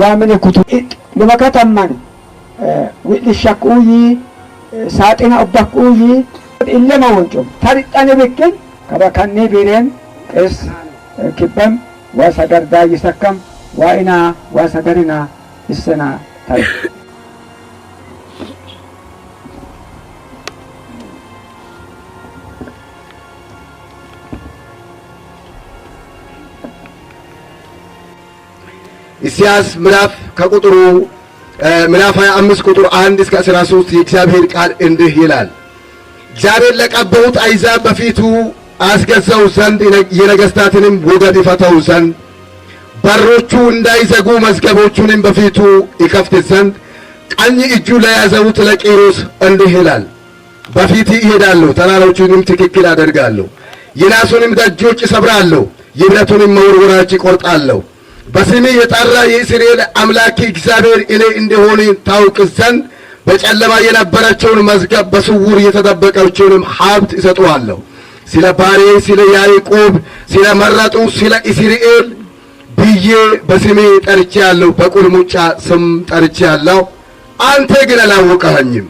ዋምልኩቱ ለመከተማን ዊልሻቅኡይ ሳጤና ኦባቅኡይ ኢለማ ወንጮም ታሪጣኔ ቤኬን ከበካኔ ቤሬን ቅስ ክበም ዋሰገርዳ ይሰከም ዋኢና ዋሰገሪና ይሰና ታይ ኢሳያስ ምዕራፍ ከቁጥሩ ምዕራፍ 25 ቁጥር 1 እስከ 13 የእግዚአብሔር ቃል እንዲህ ይላል። እግዚአብሔር ለቀባሁት አሕዛብ በፊቱ አስገዛው ዘንድ የነገሥታትንም ወገብ ይፈታው ዘንድ በሮቹ እንዳይዘጉ መዝገቦቹንም በፊቱ ይከፍት ዘንድ ቀኝ እጁ ለያዘውት ለቂሮስ እንዲህ ይላል። በፊት ይሄዳለሁ፣ ተራሮቹንም ትክክል አደርጋለሁ፣ የናሱንም ደጆች እሰብራለሁ፣ የብረቱንም መወርወራዎች ይቆርጣለሁ። በስሜ የጠራ የእስራኤል አምላክ እግዚአብሔር እኔ እንደሆነ ታውቅ ዘንድ በጨለማ የነበረችውን መዝገብ በስውር የተጠበቀችውንም ሀብት እሰጠዋለሁ። ስለ ባሬ ስለ ያዕቆብ ስለ መረጡ ስለ እስራኤል ብዬ በስሜ ጠርቼ ያለሁ፣ በቁልሙጫ ስም ጠርቼ ያለሁ። አንተ ግን አላወቀኸኝም።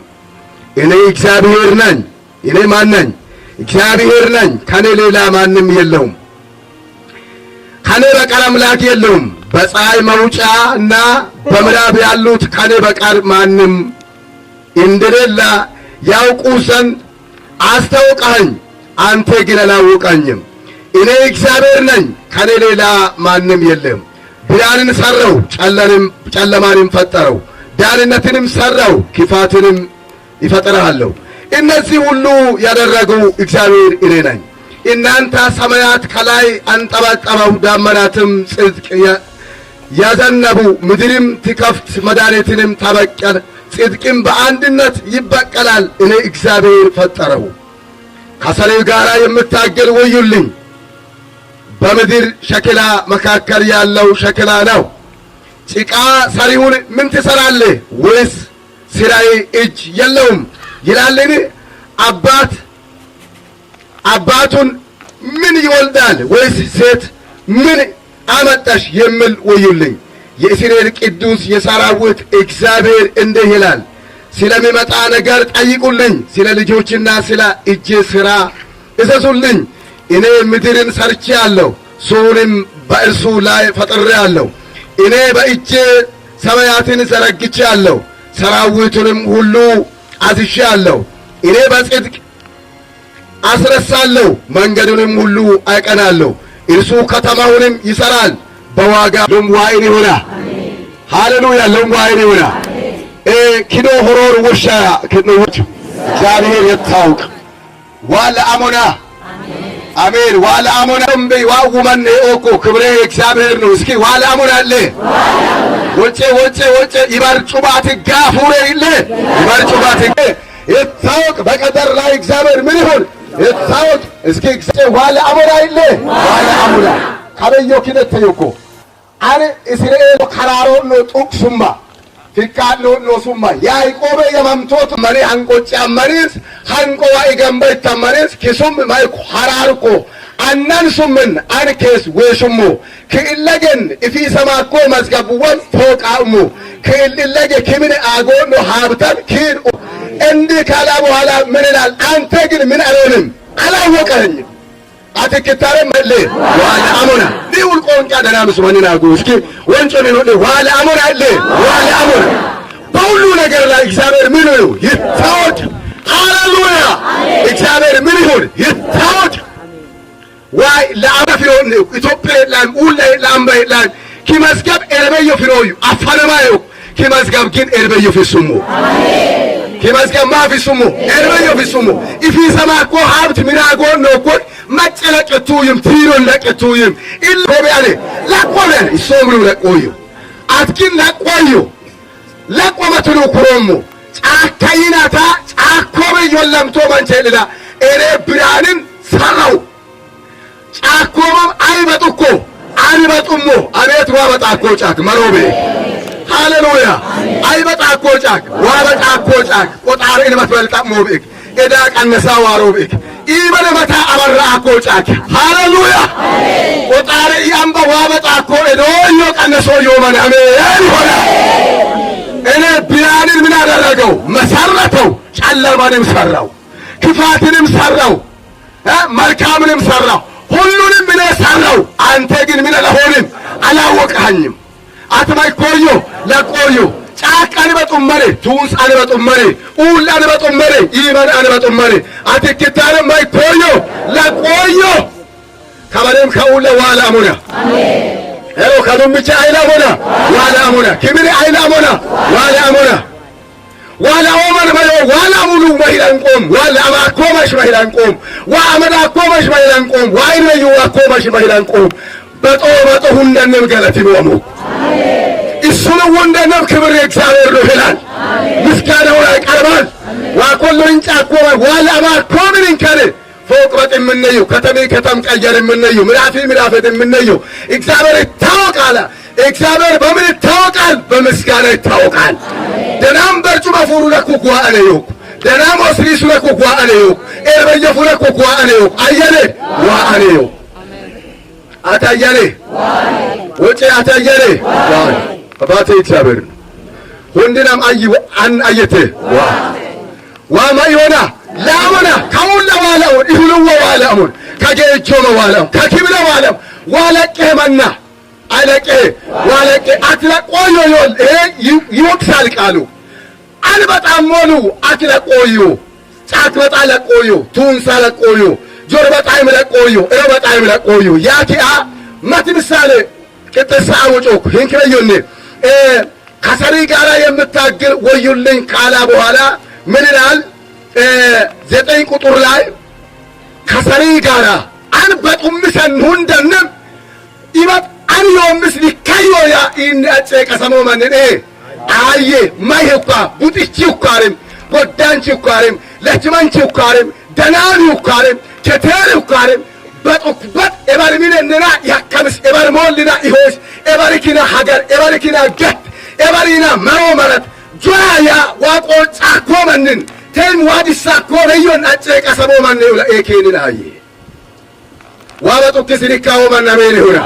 እኔ እግዚአብሔር ነኝ። እኔ ማን ነኝ? እግዚአብሔር ነኝ። ከኔ ሌላ ማንም የለውም። ከኔ በቀር አምላክ የለውም። በፀሐይ መውጫ እና በምዕራብ ያሉት ከኔ በቀር ማንም እንደሌለ ያውቁ ዘንድ አስታውቀኸኝ፣ አንተ ግን አላወቀኝም። እኔ እግዚአብሔር ነኝ፣ ከኔ ሌላ ማንም የለም። ብርሃንን ሰራው፣ ጨለማንም ፈጠረው። ዳንነትንም ሰራው፣ ክፋትንም ይፈጥርሃለሁ። እነዚህ ሁሉ ያደረገው እግዚአብሔር እኔ ነኝ። የእናንተ ሰማያት ከላይ አንጠባጠበው፣ ዳመናትም ጽድቅ ያዘነቡ፣ ምድርም ትከፍት፣ መድኃኒትንም ታበቀል ጽድቅም በአንድነት ይበቀላል። እኔ እግዚአብሔር ፈጠረው። ከሰሌው ጋር የምታገል ወዩልኝ። በምድር ሸክላ መካከል ያለው ሸክላ ነው። ጭቃ ሰሪውን ምን ትሰራለህ? ወይስ ስራዬ እጅ የለውም ይላልን? አባት አባቱን ምን ይወልዳል ወይስ ሴት ምን አመጣሽ የሚል ወዩልኝ። የእስራኤል ቅዱስ የሰራዊት እግዚአብሔር እንዲህ ይላል፣ ስለሚመጣ ነገር ጠይቁልኝ፣ ስለ ልጆችና ስለ እጄ ሥራ እዘዙልኝ። እኔ ምድርን ሰርቼ አለሁ፣ ሰውንም በእርሱ ላይ ፈጥሬ አለሁ። እኔ በእጄ ሰማያትን ዘረግቼ አለሁ፣ ሰራዊቱንም ሁሉ አዝሼ አለሁ። እኔ በጽድቅ አስረሳለሁ፣ መንገዱንም ሁሉ አይቀናለሁ። እርሱ ከተማውንም ይሰራል፣ በዋጋ ለምዋይን ይሆና። ሃሌሉያ! ለምዋይን ይሆና። ኪዶ ሆሮር ውሻ ክንውት እግዚአብሔር የታውቅ ዋለ አሞና አሜን ዋለ አሞና ዋው ዋውመን ኦኮ ክብሬ እግዚአብሔር ነው። እስኪ ዋለ አሞና አለ ወጭ ወጭ ወጭ ወጬ ጩባት ጋፉሬ ይለ ይበርጩባት ይታወቅ በቀጠር ላይ እግዚአብሔር ምን ይሁን የታወቅ እስኪ ግዜ ዋለ አሞራ ይለ ዋለ አሞራ ከበዮ ኪነት ተዮኮ አነ እስራኤል ከራሮ ነው ጡቅ ሱማ ፊቃሎ ነው ሱማ ያይቆበ የመምቶት መሪ አንቆጫ መሪስ አንቆዋ ይገንበ ይተመሪስ ኪሱም ማይኩ ሐራርቆ አናን ሱምን አንኬስ ወሹሙ ከኢለገን እፊ ሰማኮ መዝገቡወን ፎቃሙ ከኢለገ ኪምን አጎ ሀብተን ኪን እንዲህ ካላ በኋላ ምን ይላል? አንተ ግን ምን አልሆንም አላወቀኝ አትክታረ መለ ዋለ አሞና ዲውል ቆንጫ ደና ምስመንን አጉ እስኪ ወንጮ ነው ዋለ አሞና አለ ዋለ አሞና በሁሉ ነገር ላይ እግዚአብሔር ምን ነው ይታወቅ። ሃሌሉያ እግዚአብሔር ምን ይሁን ይታወቅ። ዋይ ለአማፍ ይሁን ኢትዮጵያ ላይ ኡላይ ለአምባይ ላይ ኪመስገብ ኤርበዮ ፍሮዩ አፈረማዩ ኪመስገብ ግን ኤርበዮ ፍሱሙ አሜን ሂመስከማ ፊሱሙ ኤርመዮ ፊሱሙ ኢፊሰማ ኮ ሀብት ሚራጎ ኖኮን መጨለቅቱይም ቲሮን ለቅቱይም ኢሎቢያኔ ለቆለን እሶምኑ ለቆዩ አትኪን ለቆዩ ለቆመትኑ ኩሮሙ ጫካይናታ ጫኮበ የለምቶ መንቼልላ ኤሬ ብራንን ሰራው ጫኮበም አይበጡኮ አንበጡሞ አቤት ዋበጣኮ ጫክ መሮቤ ሃሌሉያ አይበጣ እኮ ጫቅ ዋበጣ እኮ ጫቅ ቆጣሪ እንመትበልጣ ሞብእክ እዳ ቀነሳ ዋሮብእክ ኢመለመታ አበራ እኮ ጫቅ ሃሌሉያ ቆጣሪ ኢአምበ ዋበጣ እኮ እዶዮ ቀነሶ ዮመን አሜን ይሆና እኔ ቢላንን ምን አደረገው? መሰረተው። ጨለማንም ሰራው፣ ክፋትንም ሰራው፣ መልካምንም ሰራው፣ ሁሉንም እኔ ሰራው። አንተ ግን ምን አልሆንም፣ አላወቅኸኝም። አትማይ ኮዩ ለቆዩ ጫካ አንበጡመኔ ቱንስ አንበጡመኔ ኡል አንበጡመኔ ኢመን አንበጡመኔ አትክታለ ማይ ኮዩ ለቆዩ ከበሬም ከኡለ ዋላ ሙና አሜን ኤሮ ከዱምቼ አይላ ሙና ዋላ ሙና ኪምሪ አይላ ሙና ዋላ ሙና ዋላ ወመን መዮ ዋላ ሙሉ ቆም ዋላ አማኮ መሽ መሂላንቆም ዋአመዳኮ መሽ መሂላንቆም ዋይነዩ አኮ መሽ ቆም በጦ በጦ ሁንደንም ገለቲኖሙ እሱ ነው ወንደነብ ክብር እግዚአብሔር ነው ይላል። ምስጋናው ላይ ቀርባል። ዋኮሎ እንጫቆ ዋላባ ኮምን እንከን ፎቅረጥ የምነየው ከተሜ ከተም ቀየር የምነየው ምራፊ ምራፈት የምነየው እግዚአብሔር ይታወቃል። እግዚአብሔር በምን ይታወቃል? በምስጋና ይታወቃል። ደናም በርጩማ ፉሩ ለኩኩ አለዩ ደናም ወስሪሱ ለኩኩ አለዩ ኤርበየፉ ለኩኩ አለዩ አየለ ዋ አለዩ አታያለ ወጪ አታያለ ዋ አባቴ እግዚአብሔር ወንድናም አይ አን አየቴ ዋ ዋማ ይሆና ላሞና ከሙላ ዋላው ይሁሉው ዋላው ከጌቾ ዋላው ከኪብለ ዋላው ዋለቄ መና አለቄ ዋለቄ አትለቆዮ ይሆን ይወቅሳል ቃሉ አንበጣም ሞኑ አትለቆዮ ጫት በጣ ለቆዮ ቱንሳ ለቆዮ ጆር በጣም ለቆዮ እረ በጣም ለቆዮ ያኪአ መት ምሳሌ ቅጥሳ አውጮክ ሂንክለዮኔ ከሰሪ ጋር የምታግል ወዩልኝ ካላ በኋላ ምን ይላል? ዘጠኝ ቁጥር ላይ ከሰሪ ጋር አን አንበጡምሰን ሁንደንም ይበት አንዮምስ ያ ኢንዳጨ ከሰሞ መንኔ አየ ማይህኳ ቡጥቺ ይኳርም ጎዳንቺ ይኳርም ለችመንቺ ይኳርም ደናን ይኳርም ኬቴር ይኳርም በጦኩበት ኤበርሚነንና ያከምስ ኤበርሞልና ኢሆስ ኤበርኪና ሀገር ኤበርኪና ገት ኤበሪና መሮ መረት ጆራያ ዋቆ ጫኮ መንን ቴም ዋዲሳ ኮ ነዮን አጭ ቀሰቦ መነ ይብላ ኤኬንና አየ ዋበጡክ ስሪካዎ መነሜን ይሁና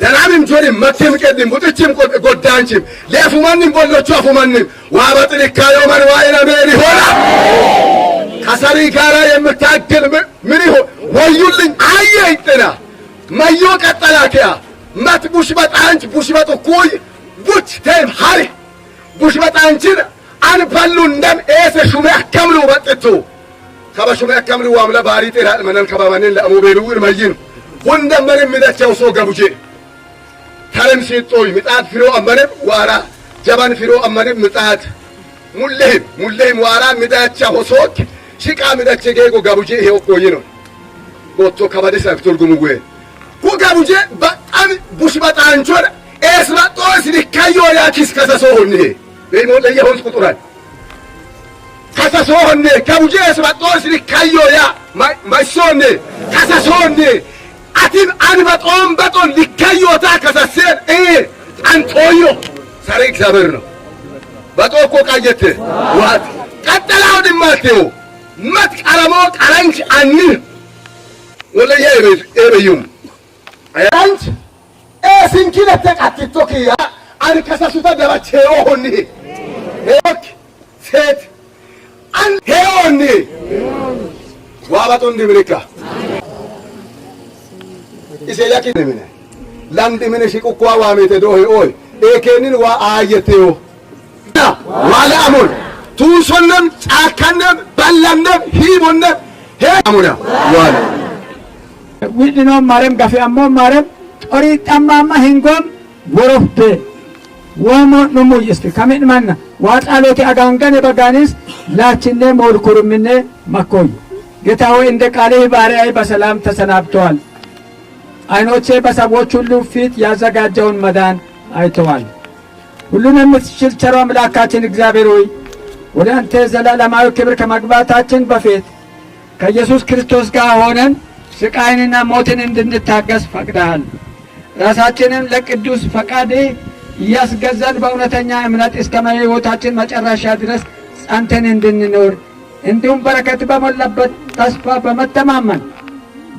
ደናምም ጆሪም መክም ቀድም ቡጥችም ጎዳንችም ሌፉ መንም ቦሎቹ አፉ መንም ዋበጥሪካዮ መን ዋይነሜን ይሆና ከሰሪ ጋራ የምታግል ምን ይሆን ወዩልኝ አየ ይጥና መዮ ቀጠላትያ መት ቡሽበጥ አንች ቡሽበጥ እኩይ ቡች ቴም ሀሪ ቡሽበጥ አንችን አንበሉ እንደም ኤሰ ሹሜ አከምሉ በጥቱ ከበ አከምሉ ዋምለ ባሪ ጤራል መነን ከበመንን ለእሙቤሉ ይልመይን ሁንደም መንም ሚደቸው ሶ ገቡጄ ተረም ሲጦይ ምጣት ፍሮ አመንም ዋራ ጀባን ፍሮ አመንም ምጣት ሙሌህም ሙሌህም ዋራ ሚዳቻ ሆሶክ Shiqaa midhachee go gabujee ihee okkooyee no gottoo kabadesaaf tolgumugwe ku gabujee ba'am bushbaxaanchodha eesbaxoo sinikkayyoo yaa kis kasasoo honne beemoon dhayya hons quxuran kasasoo honne gabujee eesbaxoo sinikkayyoo yaa mayssoonne kasasoonne atin ani baxoon baxoon likkayyoota kasasseen ee xantooyyo sare እግዚአብሔር ነው በጦ እኮ ቃየቴ ዋት ቀጠላውን ማቴዎ mat qaramoo qaranch anni wala ebe ebeyum qaranch e sinkile te qattitokiya an kasasuta daba cheo honni heok set an heonni waabaton dibrika ise yakinimine landimine shiqukkuwa waamite doohi oy e ekennin waa aayeteo wala amon ትውሶነም ጫካነም ባላነም ሂቦነም ሄሙነ ዋለ ዊድኖ ማረም ጋፊያሞ ማረም ጦሪ ጠማማ ሂንጎም ወሮፍቴ ወሞ ኑሙ ይስቲ ከምን ማና ዋጣሎቲ አጋንገን በጋኒስ ላችኔ ሞልኩርምኔ መኮይ ጌታ ሆይ እንደ ቃልህ ባሪያዬ በሰላም ተሰናብተዋል። አይኖቼ በሰዎች ሁሉ ፊት ያዘጋጀውን መዳን አይተዋል። ሁሉን የምትችል ቸሮ አምላካችን እግዚአብሔር ሆይ ወደ አንተ ዘላለማዊ ክብር ከመግባታችን በፊት ከኢየሱስ ክርስቶስ ጋር ሆነን ስቃይንና ሞትን እንድንታገስ ፈቅደሃል። ራሳችንም ለቅዱስ ፈቃድ እያስገዛን በእውነተኛ እምነት እስከ ሕይወታችን መጨረሻ ድረስ ጸንተን እንድንኖር እንዲሁም በረከት በሞላበት ተስፋ በመተማመን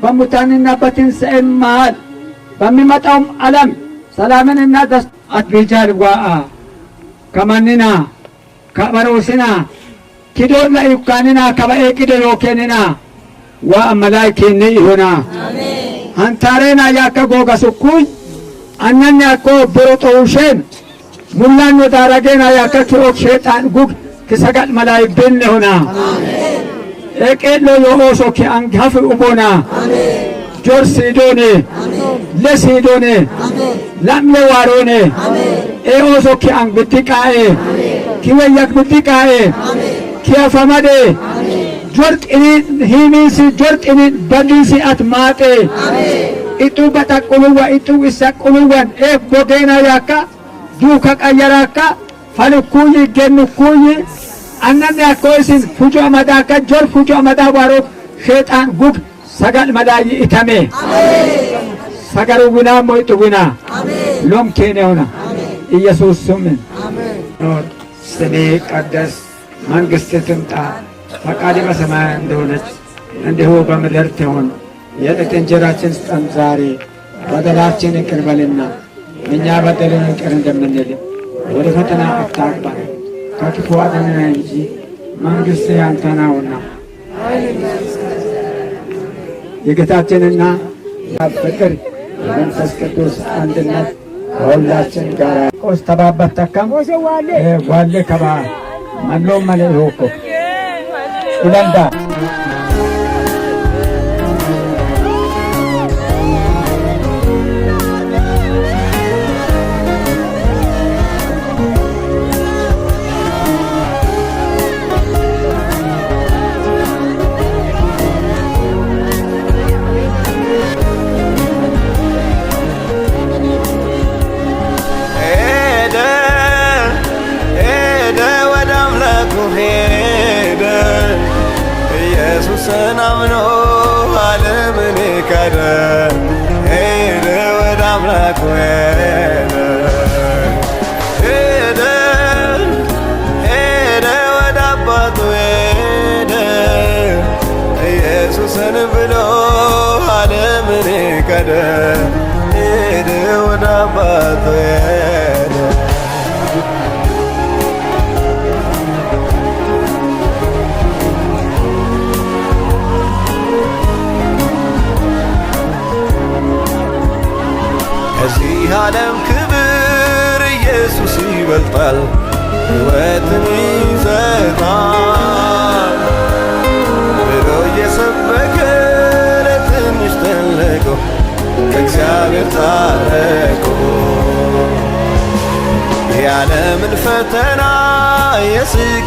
በሙታንና በትንሣኤ መሃል በሚመጣውም ዓለም ሰላምንና ደስ አትቤጃል ዋአ ከማንና ከበሮስና ኪዶና ዩካንና ከበኤ ቂደ ዮኬንና ወአመላይ ኬኔ ይሆና አንታሬና ያከ ጎገሱኩኝ አነን ያኮ ብሮጦውሼን ሙላኖ ዳረጌና ያከ ኪኦክ ሼጣን ጉግ ክሰጋል መላይ ብን ሆና ኤቄሎ የኦሶኬ አንጋፍ ኡቦና ጆር ሲዶኔ ለሲዶኔ ላምለ ዋሮኔ ኤኦሶኬ አንግብቲ ቃኤ ኪወያክ ብልጢቃኤ ኪያፈመዴ ጆርቅኒ ሂሚሲ ጆርቅኒ በሊሲ አት ማጤ ኢጡ በጠቁሉወ ኢጡ እሰቁሉወን ኤፍ ቦጌና ያካ ዱከ ቀየራካ ፈልኩይ ገንኩይ አነን ያኮይሲን ፉጆ መዳከ ጆር ፉጆ መዳ ዋሮክ ሼጣን ጉግ ሰገል መዳይ ኢተሜ ሰገሩ ጉና ሞይጡ ጉና ሎም ኬኔ ሆና ኢየሱስ ስምን ስሜ ይቀደስ፣ መንግሥት ትምጣ፣ ፈቃድ በሰማይ እንደሆነች እንዲሁ በምድር ትሁን። የዕለት እንጀራችን ስጠን ዛሬ፣ በደላችን ይቅር በልና እኛ በደልን ይቅር እንደምንል፣ ወደ ፈተና አታግባን፣ ከክፉ አድነን እንጂ መንግሥት ያንተ ናውና። የጌታችንና ፍቅር የመንፈስ ቅዱስ አንድነት ከሁላችን ጋር ቆስ ተባባት ተካም ዋሌ ከባ መሎም መለ ይሆኮ ይለንዳ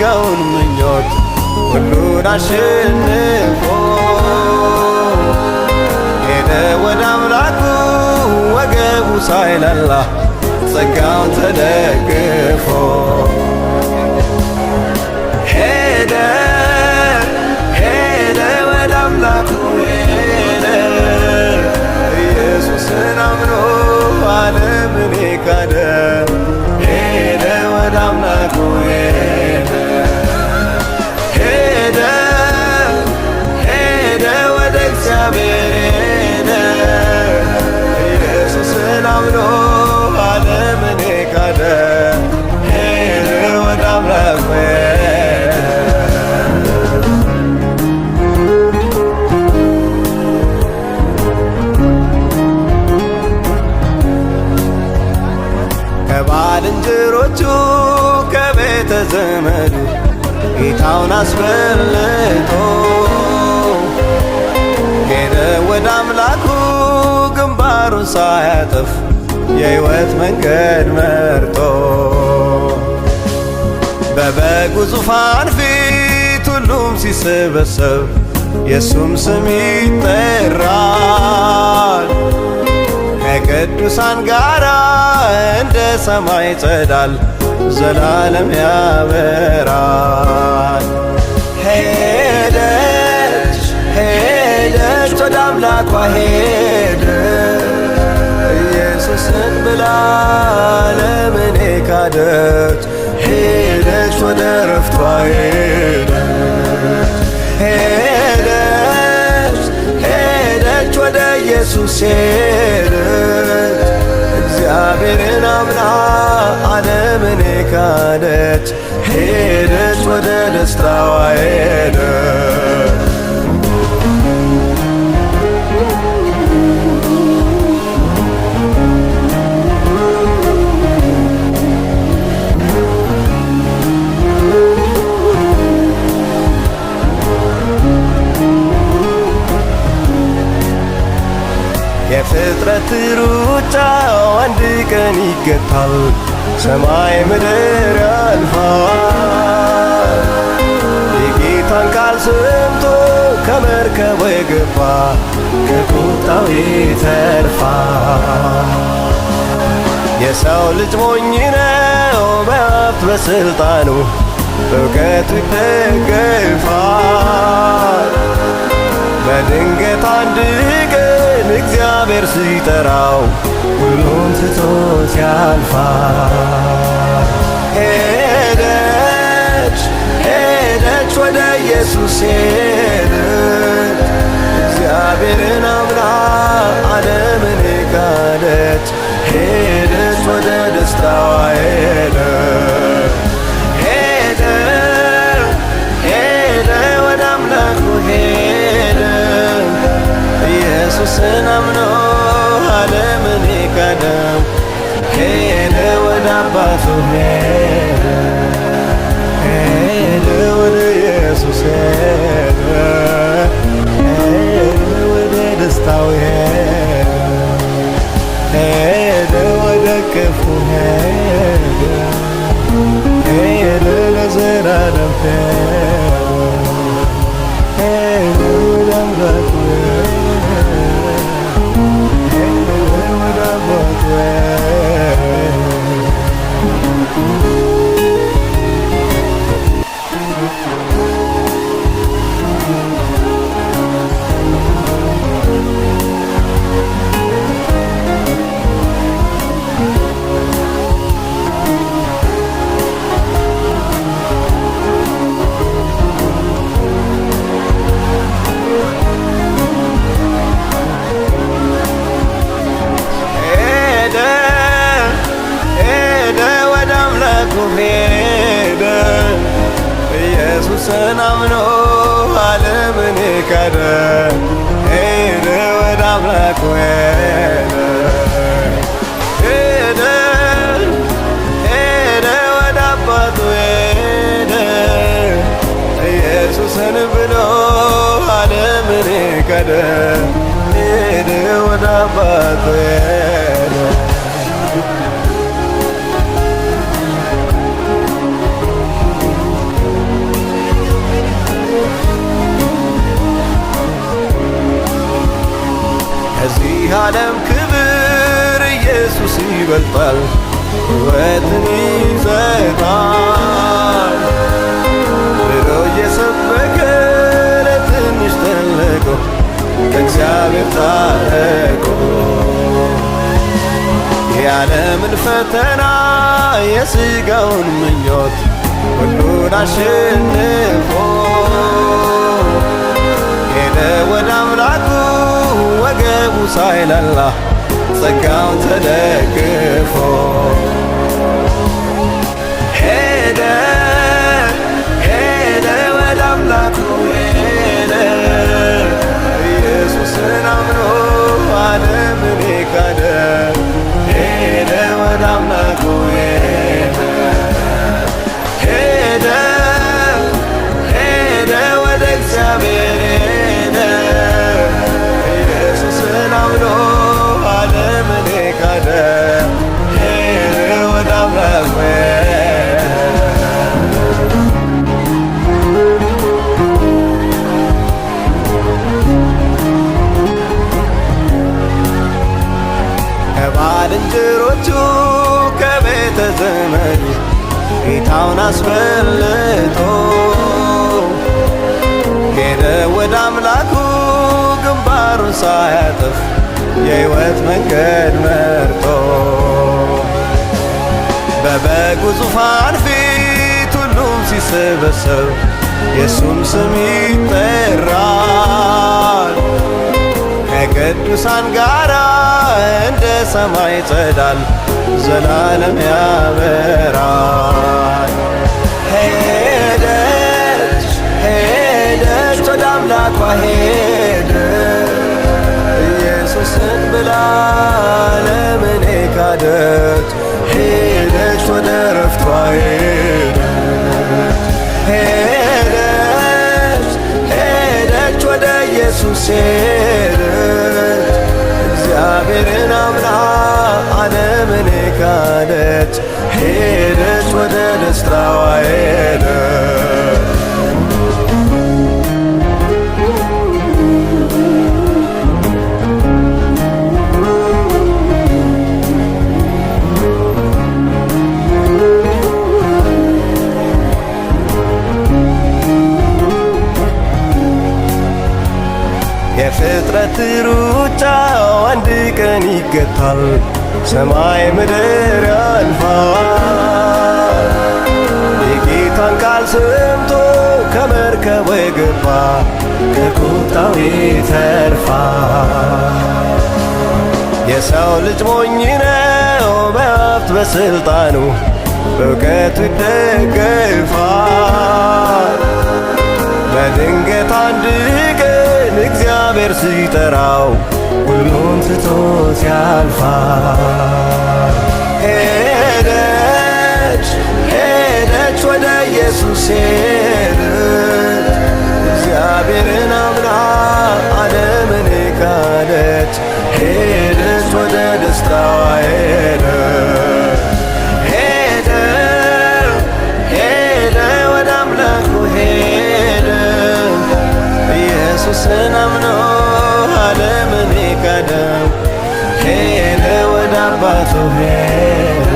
የምፈልገውን ምኞት ሁሉን አሸንፎ ሄደ ወደ አምላኩ ወገቡ ሳይለላ ጸጋውን ተደግፎ ሄደ ሄደ ወደ አምላኩ ሄደ ኢየሱስን አምኖ ዓለምን ካደ ሄደ ወደ አምላኩ ሄደ እግዚአብሔርን ኢየሱስን አምኖ ዓለምን ካደ ወደ አምላኩ ከባልንጀሮቹ ከቤተ ዘመዱ ጌታውን አስፈልጦ ራሱን ሳያጠፍ የሕይወት መንገድ መርጦ በበጉ ዙፋን ፊት ሁሉም ሲሰበሰብ የእሱም ስም ይጠራል። ከቅዱሳን ጋር እንደ ሰማይ ጸዳል ዘላለም ያበራል። ሄደች ሄደች ወደ አምላኳ ሄደ ኢየሱስን ብላ ለምኔ ካደች ሄደች ወደ ረፍቷ ሄደች ሄደች ሄደች ወደ ኢየሱስ ሄደች እግዚአብሔርን አምና ዓለምን ካደች ሄደች ወደ ደስታዋ ሄደች የፍጥረት ሩጫ አንድ ቀን ይገታል፣ ሰማይ ምድር ያልፋል። የጌታን ቃል ሰምቶ ከመርከብ የገባ ከቁጣው ይተርፋል። የሰው ልጅ ሞኝ ነው በሀብት በሥልጣኑ በእውቀቱ ይደገፋል። በድንገት አንድ እግዚአብሔር ሲጠራው ሁሉን ትቶት ያልፋል። ሄደች ሄደች ወደ ኢየሱስ ሄደች እግዚአብሔርን አምና ዓለምን ካደች ሄደች ወደ ደስታዋ ሄደች ኢየሱስን አምኖ ዓለምን የካደም ሄደ ወደ አባቱ ሄደ ወደ ኢየሱስ ሄደ ወደ ደስታው ሄደ ወደ ክፉ ሄደ ሄደ ለዘላለም ሄደ ሄደ ሄደ ወደ አባቱ ሄደ ከዚህ ዓለም ክብር ኢየሱስ ይበልጣል ሕይወትን ይሰጣል ከእግዚአብሔር ታርቆ የዓለምን ፈተና የሥጋውን ምኞት ሁሉን አሸንፎ ሄደ ወደ አምላኩ ወገቡ ሳይላላ ጸጋውን ተደግፎ ሳያጥፍ የሕይወት መንገድ መርቶ በበጉ ዙፋን ፊት ሁሉም ሲሰበሰብ የእሱም ስም ይጠራል። ከቅዱሳን ጋር እንደ ሰማይ ይጸዳል፣ ዘላለም ያበራል። ሄደች ሄደች ወደ አምላኳ ሄደች ራስሽን ብላ ለምኔ ካደች ሄደች ወደ ረፍቷ ሄደች ሄደች ወደ ኢየሱስ ሄደች እግዚአብሔርን አምና አለምኔ ካደች ሄደች ወደ ደስታዋ ሄደች ይፈታል፣ ሰማይ ምድር ያልፋል። የጌታን ቃል ሰምቶ ከመርከብ የገባ ከቁጣው ይተርፋል። የሰው ልጅ ሞኝ ነው በሀብት በስልጣኑ በእውቀቱ ይደገፋል። በድንገት አንድ ቀን እግዚአብሔር ሲጠራው ሁሉን ትቶ ያልፋል። ሄደች ሄደች ወደ ኢየሱስ ሄደች እግዚአብሔርን አምና ዓለምን ካደች ሄደች ወደ ደስታዋ ሄደ ሄደ ሄደ ወደ አምላኩ ሄደ ኢየሱስን አምነው ወሰደው ሄደ ወደ አባቱ ሄደ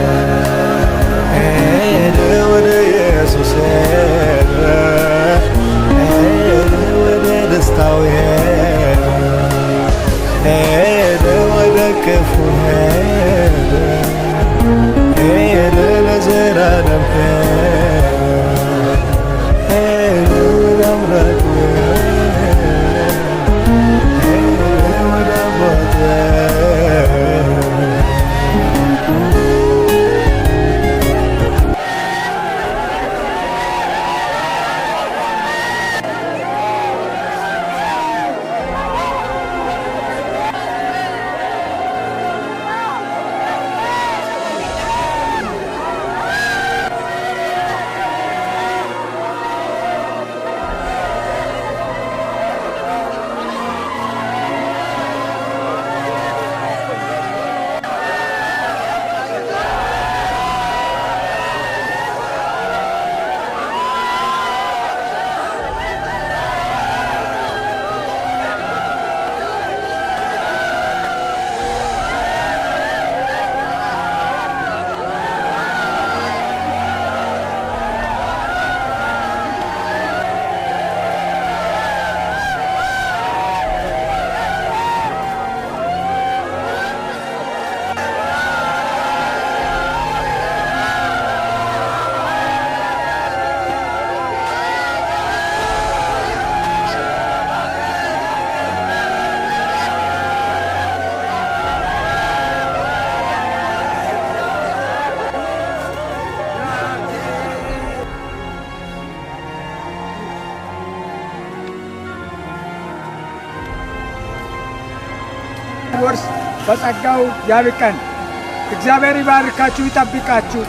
ሄደ ወደ ኢየሱስ ሄደ ወደ ደስታው ሄደ ሄደ ወደ ክፉ ሄደ ሄደ ለዘላለም ሄደ በጸጋው ያብቀን። እግዚአብሔር ይባርካችሁ፣ ይጠብቃችሁ።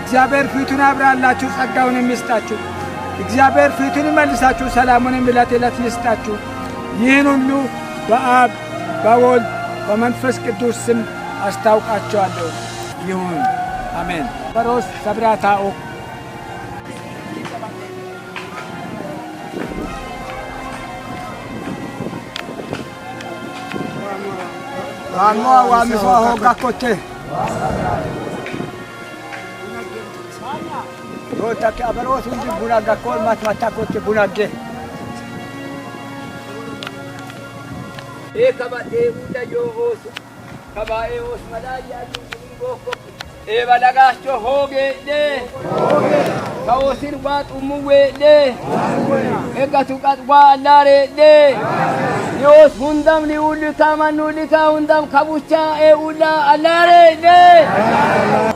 እግዚአብሔር ፊቱን አብራላችሁ ጸጋውን የሚስጣችሁ። እግዚአብሔር ፊቱን ይመልሳችሁ፣ ሰላሙንም ዕለት ዕለት ይስጣችሁ። ይህን ሁሉ በአብ በወልድ በመንፈስ ቅዱስ ስም አስታውቃቸዋለሁ። ይሁን አሜን። በሮስ ሰብራታኦ Waamua waamifwa hoga kote yootake abaroos hundi bunaga kolmat mata kote bunagge ee kaba deebuudha yooosu kabaa eoos malaayaa dungunin gookkoppe eeba dhagaachoo hoogeedhe kawosin waa xummu weedhe eggatu qaxwaa allaareedhe Dios hundam ni ulu taman uli ka hundam kabucha e ula alare de.